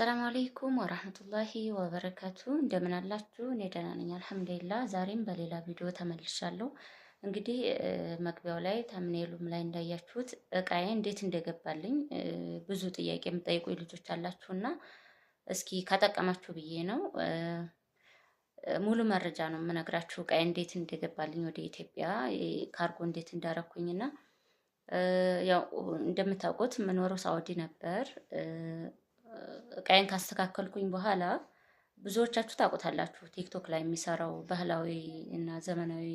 ሰላም አለይኩም ወራህመቱላሂ ወበረካቱ እንደምን አላችሁ? እኔ ደህና ነኝ አልሐምዱሊላህ። ዛሬም በሌላ ቪዲዮ ተመልሻለሁ። እንግዲህ መግቢያው ላይ ታምኔሉም ላይ እንዳያችሁት እቃዬ እንዴት እንደገባልኝ ብዙ ጥያቄ የምጠይቁኝ ልጆች አላችሁና እስኪ ከጠቀማችሁ ብዬ ነው። ሙሉ መረጃ ነው የምነግራችሁ እቃዬ እንዴት እንደገባልኝ ወደ ኢትዮጵያ ካርጎ እንዴት እንዳረኩኝና ያው እንደምታውቁት የምኖረው ሳውዲ ነበር እቃዬን ካስተካከልኩኝ በኋላ ብዙዎቻችሁ ታውቁታላችሁ። ቲክቶክ ላይ የሚሰራው ባህላዊ እና ዘመናዊ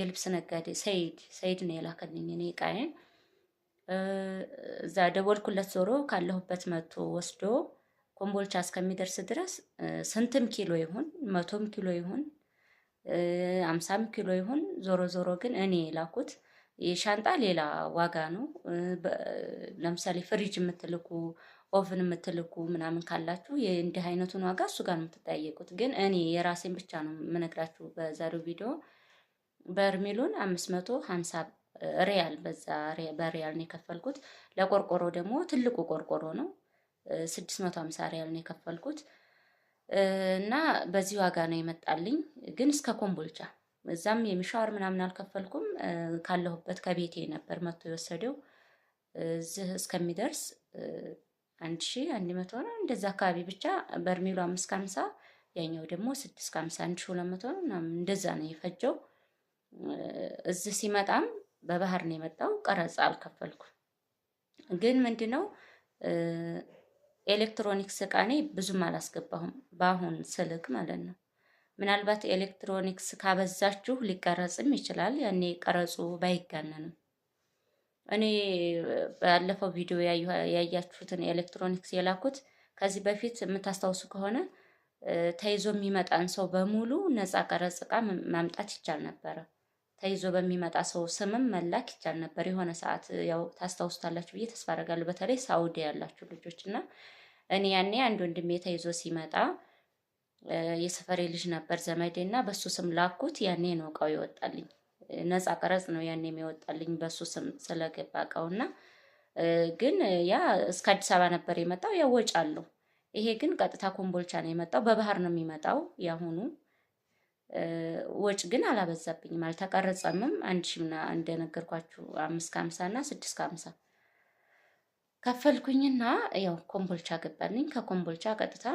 የልብስ ነጋዴ ሰይድ ሰይድ ነው የላከልኝ እኔ እቃዬን። እዛ ደወልኩለት፣ ዞሮ ካለሁበት መቶ ወስዶ ኮምቦልቻ እስከሚደርስ ድረስ ስንትም ኪሎ ይሁን መቶም ኪሎ ይሁን አምሳም ኪሎ ይሁን ዞሮ ዞሮ ግን እኔ የላኩት የሻንጣ ሌላ ዋጋ ነው። ለምሳሌ ፍሪጅ የምትልኩ ኦቭን የምትልኩ ምናምን ካላችሁ እንዲህ አይነቱን ዋጋ እሱ ጋር የምትጠያየቁት። ግን እኔ የራሴን ብቻ ነው የምነግራችሁ በዛሬው ቪዲዮ። በርሜሉን አምስት መቶ ሀምሳ ሪያል በዛ በሪያል ነው የከፈልኩት። ለቆርቆሮ ደግሞ ትልቁ ቆርቆሮ ነው ስድስት መቶ ሀምሳ ሪያል ነው የከፈልኩት እና በዚህ ዋጋ ነው የመጣልኝ። ግን እስከ ኮምቦልቻ እዛም የሚሻወር ምናምን አልከፈልኩም። ካለሁበት ከቤቴ ነበር መጥቶ የወሰደው እዚህ እስከሚደርስ አንድ ሺ አንድ መቶ ነው እንደዛ አካባቢ ብቻ በርሜሉ አምስት ከሀምሳ ያኛው ደግሞ ስድስት ከሀምሳ አንድ ሺ ሁለት መቶ ነው ምናምን እንደዛ ነው የፈጀው። እዚህ ሲመጣም በባህር ነው የመጣው። ቀረጽ አልከፈልኩ። ግን ምንድነው ኤሌክትሮኒክስ እቃ እኔ ብዙም አላስገባሁም፣ በአሁን ስልክ ማለት ነው። ምናልባት ኤሌክትሮኒክስ ካበዛችሁ ሊቀረጽም ይችላል። ያኔ ቀረጹ ባይጋነንም እኔ ባለፈው ቪዲዮ ያያችሁትን ኤሌክትሮኒክስ የላኩት ከዚህ በፊት የምታስታውሱ ከሆነ ተይዞ የሚመጣን ሰው በሙሉ ነፃ ቀረጽ እቃ ማምጣት ይቻል ነበረ። ተይዞ በሚመጣ ሰው ስምም መላክ ይቻል ነበር። የሆነ ሰዓት ያው ታስታውሱታላችሁ ብዬ ተስፋ አደርጋለሁ። በተለይ ሳውዲ ያላችሁ ልጆች እና እኔ ያኔ አንድ ወንድሜ ተይዞ ሲመጣ የሰፈሬ ልጅ ነበር ዘመዴ እና በሱ ስም ላኩት። ያኔ ነው እቃው ይወጣልኝ። ነፃ ቀረጽ ነው ያን የሚወጣልኝ በሱ ስም ስለገባ እቃውና ግን ያ እስከ አዲስ አበባ ነበር የመጣው። ያው ወጭ አለው። ይሄ ግን ቀጥታ ኮምቦልቻ ነው የመጣው። በባህር ነው የሚመጣው ያሁኑ። ወጭ ግን አላበዛብኝም፣ አልተቀረጸምም። አንድ ሺና እንደነገርኳችሁ አምስት ከሀምሳ እና ስድስት ከሀምሳ ከፈልኩኝና ያው ኮምቦልቻ ገባልኝ። ከኮምቦልቻ ቀጥታ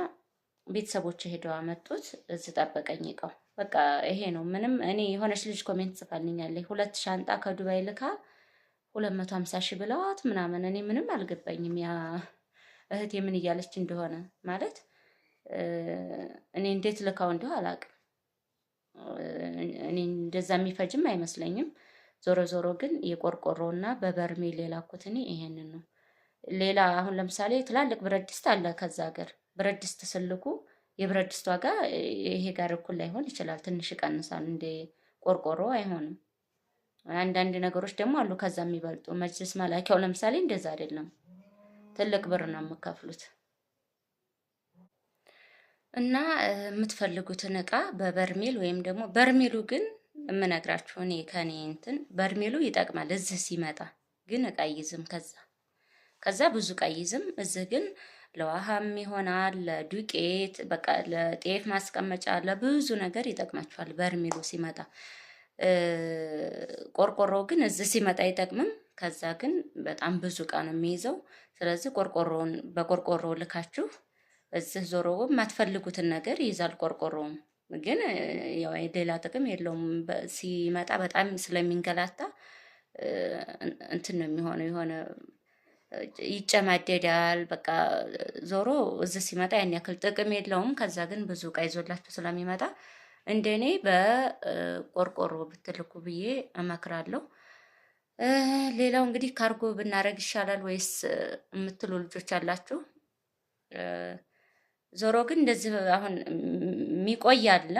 ቤተሰቦች ሄደው አመጡት። እዚ ጠበቀኝ እቃው በቃ ይሄ ነው ምንም። እኔ የሆነች ልጅ ኮሜንት ጽፋልኛለች፣ ሁለት ሻንጣ ከዱባይ ልካ ሁለት መቶ ሀምሳ ሺህ ብለዋት ምናምን። እኔ ምንም አልገባኝም፣ ያ እህት የምን እያለች እንደሆነ ማለት እኔ እንዴት ልካው እንዲሁ አላውቅም። እኔ እንደዛ የሚፈጅም አይመስለኝም። ዞሮ ዞሮ ግን የቆርቆሮና በበርሜል የላኩት እኔ ይሄንን ነው። ሌላ አሁን ለምሳሌ ትላልቅ ብረት ድስት አለ ከዛ ሀገር ብረት ድስት ስልኩ የብረት ድስት ዋጋ ይሄ ጋር እኩል ላይሆን ይችላል። ትንሽ ይቀንሳል። እንደ ቆርቆሮ አይሆንም። አንዳንድ ነገሮች ደግሞ አሉ ከዛ የሚበልጡ መጅልስ መላኪያው ለምሳሌ እንደዛ አይደለም። ትልቅ ብር ነው የምከፍሉት። እና የምትፈልጉትን እቃ በበርሜል ወይም ደግሞ በርሜሉ ግን የምነግራችሁ እኔ ከኔ እንትን በርሜሉ ይጠቅማል። እዚህ ሲመጣ ግን እቃ ይዝም ከዛ ከዛ ብዙ ቀይዝም እዚህ ግን ለውሃም ይሆናል፣ ለዱቄት በቃ ለጤፍ ማስቀመጫ ለብዙ ነገር ይጠቅማችኋል። በርሜሉ ሲመጣ ቆርቆሮ ግን እዚህ ሲመጣ አይጠቅምም። ከዛ ግን በጣም ብዙ እቃ ነው የሚይዘው። ስለዚህ ቆርቆሮውን በቆርቆሮ ልካችሁ እዚህ ዞሮ የማትፈልጉትን ነገር ይይዛል። ቆርቆሮውም ግን ሌላ ጥቅም የለውም። ሲመጣ በጣም ስለሚንገላታ እንትን ነው የሚሆነው የሆነ ይጨማደዳል። በቃ ዞሮ እዚህ ሲመጣ ያን ያክል ጥቅም የለውም። ከዛ ግን ብዙ እቃ ይዞላችሁ ስለሚመጣ እንደኔ በቆርቆሮ ብትልኩ ብዬ እመክራለሁ። ሌላው እንግዲህ ካርጎ ብናደረግ ይሻላል ወይስ የምትሉ ልጆች አላችሁ። ዞሮ ግን እንደዚህ አሁን የሚቆይ አለ።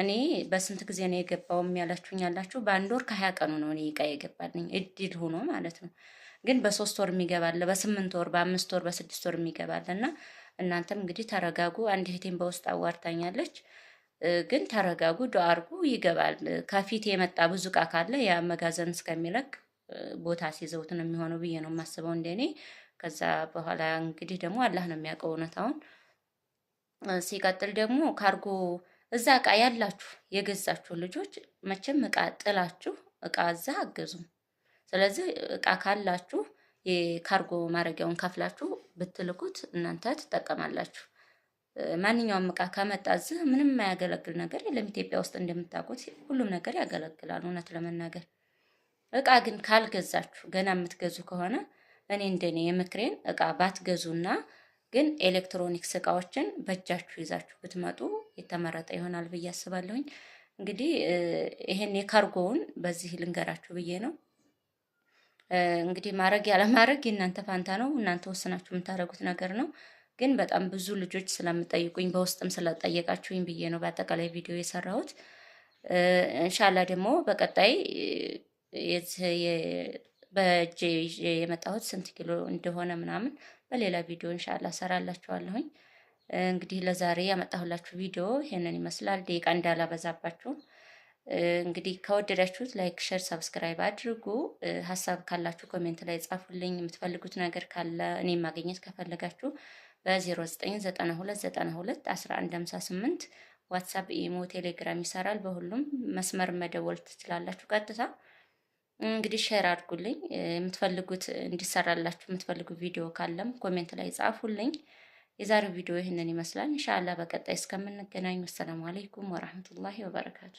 እኔ በስንት ጊዜ ነው የገባው ያላችሁኝ አላችሁ። በአንድ ወር ከሀያ ቀኑ ነው እኔ እቃ የገባልኝ እድል ሆኖ ማለት ነው። ግን በሶስት ወር የሚገባለ በስምንት ወር በአምስት ወር በስድስት ወር የሚገባለ እና እናንተም እንግዲህ ተረጋጉ። አንድ እህቴን በውስጥ አዋርታኛለች። ግን ተረጋጉ፣ ዶ አርጉ፣ ይገባል። ከፊት የመጣ ብዙ እቃ ካለ ያ መጋዘን እስከሚለቅ ቦታ ሲዘውት ነው የሚሆነው ብዬ ነው የማስበው እንደኔ። ከዛ በኋላ እንግዲህ ደግሞ አላህ ነው የሚያውቀው እውነታውን። ሲቀጥል ደግሞ ካርጎ እዛ እቃ ያላችሁ የገዛችሁ ልጆች መቼም እቃ ጥላችሁ እቃ እዛ አገዙም። ስለዚህ እቃ ካላችሁ የካርጎ ማድረጊያውን ከፍላችሁ ብትልኩት እናንተ ትጠቀማላችሁ። ማንኛውም እቃ ከመጣ እዚህ ምንም የማያገለግል ነገር የለም። ኢትዮጵያ ውስጥ እንደምታውቁት ሁሉም ነገር ያገለግላል። እውነት ለመናገር እቃ ግን ካልገዛችሁ ገና የምትገዙ ከሆነ እኔ እንደኔ የምክሬን እቃ ባትገዙና ግን ኤሌክትሮኒክስ እቃዎችን በእጃችሁ ይዛችሁ ብትመጡ የተመረጠ ይሆናል ብዬ አስባለሁኝ። እንግዲህ ይሄን የካርጎውን በዚህ ልንገራችሁ ብዬ ነው። እንግዲህ ማድረግ ያለማድረግ የእናንተ ፋንታ ነው። እናንተ ወስናችሁ የምታደርጉት ነገር ነው። ግን በጣም ብዙ ልጆች ስለምጠይቁኝ በውስጥም ስለጠየቃችሁኝ ብዬ ነው በአጠቃላይ ቪዲዮ የሰራሁት። እንሻላ ደግሞ በቀጣይ በእጄ የመጣሁት ስንት ኪሎ እንደሆነ ምናምን በሌላ ቪዲዮ እንሻላ ሰራላችኋለሁኝ። እንግዲህ ለዛሬ ያመጣሁላችሁ ቪዲዮ ይሄንን ይመስላል። ደቂቃ እንዳላበዛባችሁ እንግዲህ ከወደዳችሁት ላይክ፣ ሸር፣ ሰብስክራይብ አድርጉ። ሀሳብ ካላችሁ ኮሜንት ላይ ጻፉልኝ። የምትፈልጉት ነገር ካለ እኔ ማግኘት ከፈለጋችሁ በ0992921158 ዋትሳፕ፣ ኢሞ፣ ቴሌግራም ይሰራል። በሁሉም መስመር መደወል ትችላላችሁ። ቀጥታ እንግዲህ ሼር አድርጉልኝ። የምትፈልጉት እንዲሰራላችሁ የምትፈልጉት ቪዲዮ ካለም ኮሜንት ላይ ጻፉልኝ። የዛሬው ቪዲዮ ይህንን ይመስላል። እንሻላ በቀጣይ እስከምንገናኙ፣ ወሰላሙ አለይኩም ወራህመቱላሂ ወበረካቱ።